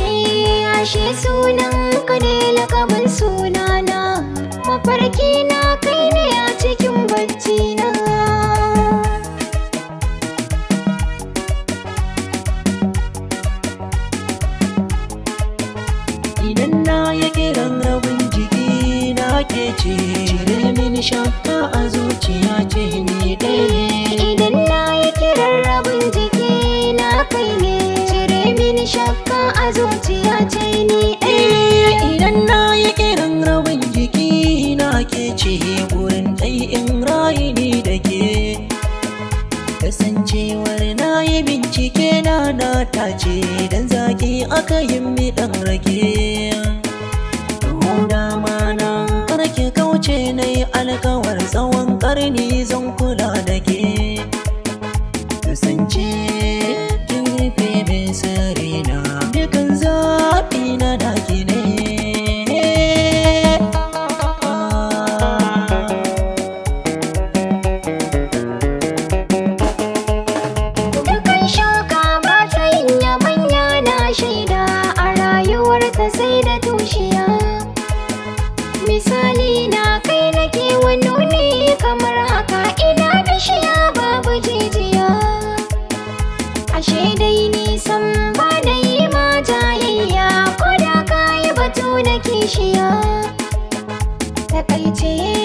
Eh, ashe sunan ka ne lakabin sunana, mafarki na kai ne a cikin bacci na. Idan na yi kiran rabin jiki na ke ce, cire min shakka a zuwa. kasancewar na yi bincike na na ce dan zaki aka yi mi dan rage Muna mana karki kauce na yi alkawar tsawon karni zan kula da ke kasance nuna kishiya takaice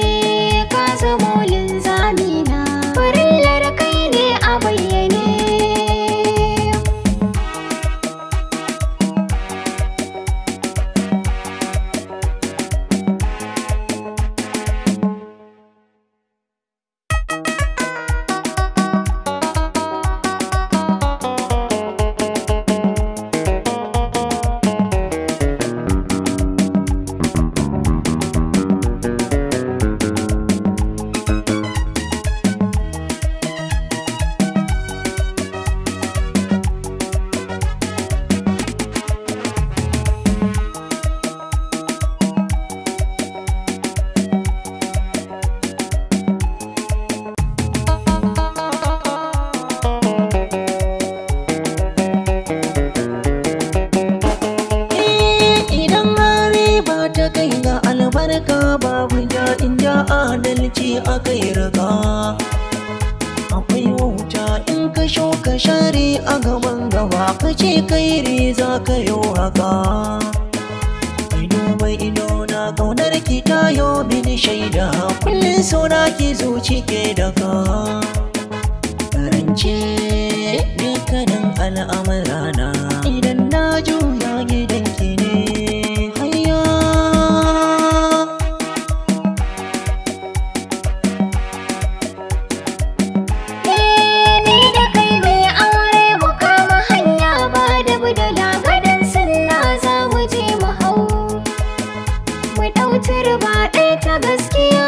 ka babu ya inda adalci a kai raga akwai wuta in ka shuka shari a gaban gaba ka ce kairi za ka yi haka ido mai ido na kaunar ki ta yo bin shaida kullum na ki zuci ke daga karance dukkanin al'amari gaba ɗaya ta gaskiya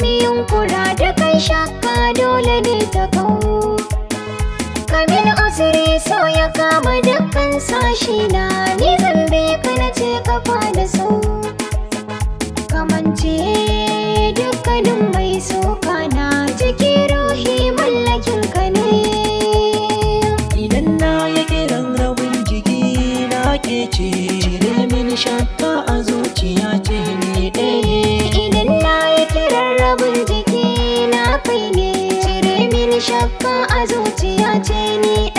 miyun kura da kan shakka dole ne ta kawo kamin usuri sau ya kama dukkan sashi na ni zambe na ce kafa da sau kamance dukkanin mai soka na ciki, ruhi mallakin ka ne idan na yi kiran rabin jiki na ke ce cire shakka a zuciya ka a zuciya ce